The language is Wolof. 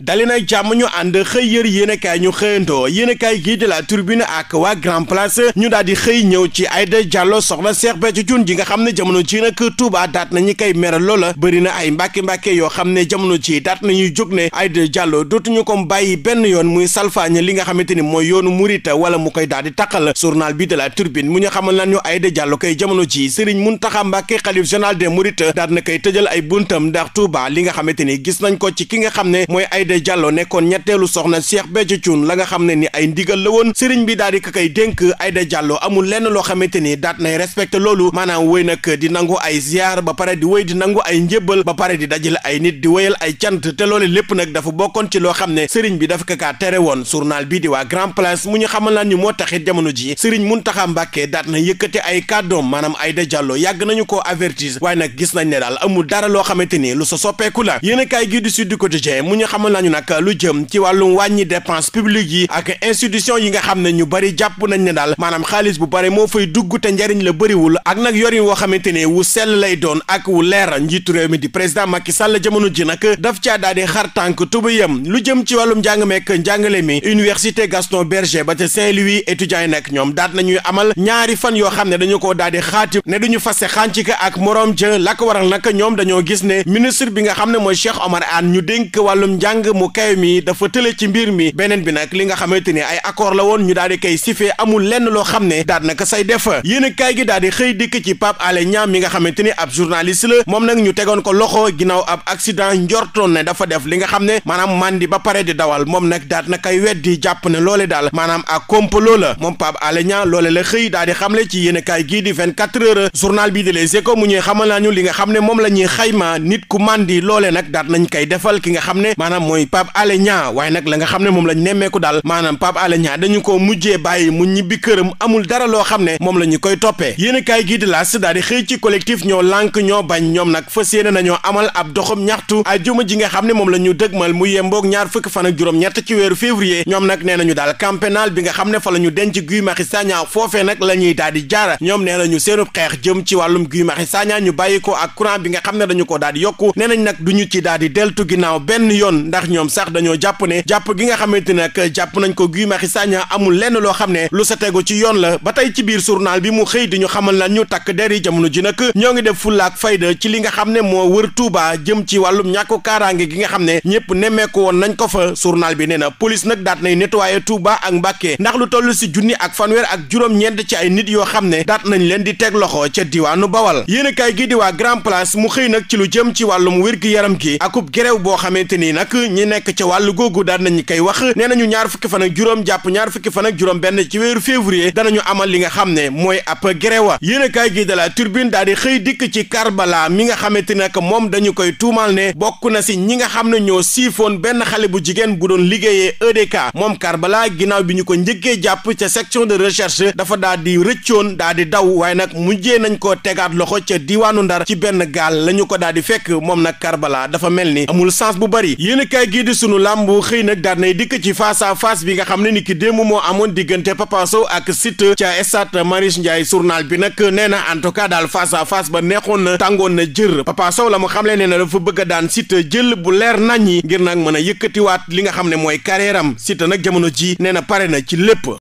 dali nag jàmm ñu ànd xëy yër yéenekaay ñu xëyantoo yéenekaay gii de la Tribune ak waa Grand Place ñu daal di xëy ñëw ci ay Aïda Diallo soxna Cheikh Béthio Thioune ji nga xam ne jamono ci nag Touba daat nañu koy mere loola bëri na ay mbàkke-mbàkke yoo xam ne jamono ci daat nañuy jóg ne Aïda Diallo dootuñu ko bàyyi benn yoon muy salfaañe li nga xamante ni mooy yoonu murita wala mu koy daal di taqal journal bi de la Tribune mu ñu xamal lan ñu Aïda Diallo koy jamono ci Serigne Mountakha Mbacké xalif général des mourides daat na koy tëjal ay buntam ndax Touba li nga xamante ni gis nañ ko ci ki nga xam ne mooy Aïda Diallo nekkoon ñetteelu soxna Cheikh Béthio Thioune la nga xam ne ni ay ndigal la woon sëriñ bi daal di ko koy dénk Aïda Diallo amul lenn loo xamante ni daat nay respecté loolu maanaam wéy nag di nangu ay ziar ba pare di wéy di nangu ay njébbal ba pare di dajale ay nit di wéyal ay cant te loolu lépp nag dafa bokkoon ci loo xam ne sëriñ bi dafa ko kaa tere woon journal bii di waa Grand Place mu ñu xamal laan ñu moo taxit jamono ji sëriñ Mountakha Mbacké daat na yëkkate ay kàddoom maanaam Aïda Diallo yàgg nañu ko avertir waaye nag gis nañ ne daal amul dara loo xamante nañu nag lu jëm ci wàllum wàññi dépense publique yi ak institution yi nga xam ne ñu bari jàpp nañ ne daal maanaam xaalis bu bare moo fay dugg te njariñ la bëriwul ak nag yorin woo xamante ne wu sell lay doon ak wu leer njiitu réew mi di président Macky Sall jamono ji nag daf caa daal di xar tànk tubéyam lu jëm ci wàllum njàng meek njàngale mi université Gaston Berger ba te Saint-Louis étudiants yi nag ñoom daat nañuy amal ñaari fan yoo xam ne dañu ko njàng mu kawe mi dafa tële ci mbir li nga xamante ni ay accord la woon ñu daal di koy lenn loo xam ne daal naka say def yéen kaay gi daal di xëy dikk ci Pape Alé Niang mi nga xamante ni ab journaliste la moom nag ñu tegoon ko loxo ginnaaw ab accident njortoon ne dafa def li nga xam ne maanaam mandi ba pare dawal moom nag daal na koy weddi jàpp ne loole daal maanaam ak complot la moom Pape Alé Niang loole la xëy daal di xamle ci yéen kaay gii di 24 heures journal bi di Les mu ñuy xamal li nga xam ne moom la ñuy xayma nit ku mandi loole nag daal nañ koy defal ki nga xam ne maanaam mooy Pape Alé Niang waaye nag la nga xam ne moom lañ nemmeeku daal maanaam Pape Alé Niang dañu ko mujjee bàyyi mu ñibbi këram amul dara loo xam ne moom la ñu koy toppee yéen kaay gii di laas daal di xëy ci collectif ñoo lànk ñoo bañ ñoom nag fas yéene ji nga xam ne moom la ñu dëgmal mu yemboog ñaar fukki fan ak juróom-ñett ci weeru février ñoom nag nee nañu daal camp pénal bi nga xam ne fa la ñu denc Guy Marius Sagna foofee nag la ñuy daal di jaara ñoom nee nañu seenub xeex jëm ci wàllum Guy Marius Sagna ñu bàyyi ko ak courant bi nga xam ne dañu ko daal di yokku nee nañ nag ndax ñoom sax dañoo jàpp ne jàpp gi nga xamante ne nag jàpp nañ ko Guy Marius Sagna amul lenn loo xam ne lu sa tegu ci yoon la ba tey ci biir journal bi mu xëy di ñu xamal lan ñu takk der yi jamono ji nag ñoo ngi def ak fayda ci li nga xam ne moo wër Touba jëm ci wàllum ñàkku kaaraange gi nga xam ne ñëpp nemmeeku woon nañ ko fa journal bi nee na police nag daat nay nettoyé tuuba ak Mbàkke ndax lu toll si junni ak fanweer ak juróom-ñeent ci ay nit yoo xam ne daat nañ leen di teg loxo diwaanu Bawal yéenekaay gi di waa mu xëy nag ci lu jëm ci wàllum wér-gi-yaram gi ñi nekk ca wàllu googu daan nañu koy wax nee nañu ñaar fukki fan juróom jàpp ñaar fukki fan juróom benn ci weeru février danañu amal li nga xam ne mooy ab gréwa yéenekaay gi de la Tribune daal di xëy dikk ci Karbala mi nga xamante nag moom dañu koy tuumal ne bokk na si ñi nga xam ne ñoo siifoon benn xale bu jigéen bu doon liggéeyee EDK moom Karbala ginnaaw bi ñu ko njëkkee jàpp ca section de recherche dafa daal di rëccoon daal di daw waaye nag mujjee nañ koo tegaat loxo ca diwaanu Ndar ci benn gaal la ñu ko daal di moom nag Karbala dafa mel ni amul sens bu bari kaay gii sunu làmb xëy nag daan nay dikk ci face à bi nga xam ne ni ki démb moo amoon diggante Papa Sow ak Siteu ca stade Marius Ndiaye journal bi nag nee na en tout cas daal face à ba neexoon na tàngoon na jër Papa Sow la mu xamle nee na dafa bëgg daan Siteu jël bu leer nañ ñi ngir nag mën a yëkkatiwaat li nga xam ne mooy carrière am nag jamono ji nee na pare na ci lépp